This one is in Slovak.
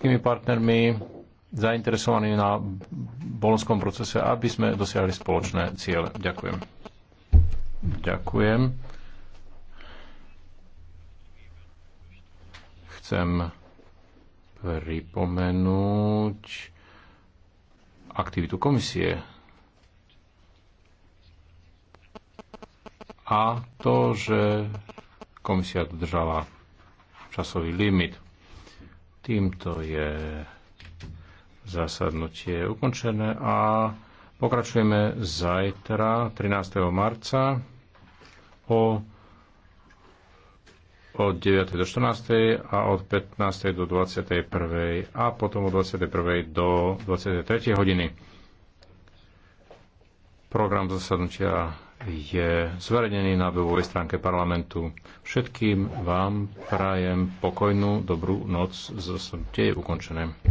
všetkými partnermi zainteresovanými na bolonskom procese, aby sme dosiahli spoločné ciele. Ďakujem. Ďakujem. Chcem pripomenúť aktivitu komisie a to, že komisia dodržala časový limit. Týmto je zasadnutie ukončené a pokračujeme zajtra 13. marca o od 9. do 14. a od 15. do 21. a potom od 21. do 23. hodiny. Program zasadnutia je zverejnený na webovej stránke parlamentu. Všetkým vám prajem pokojnú dobrú noc. tie je ukončené.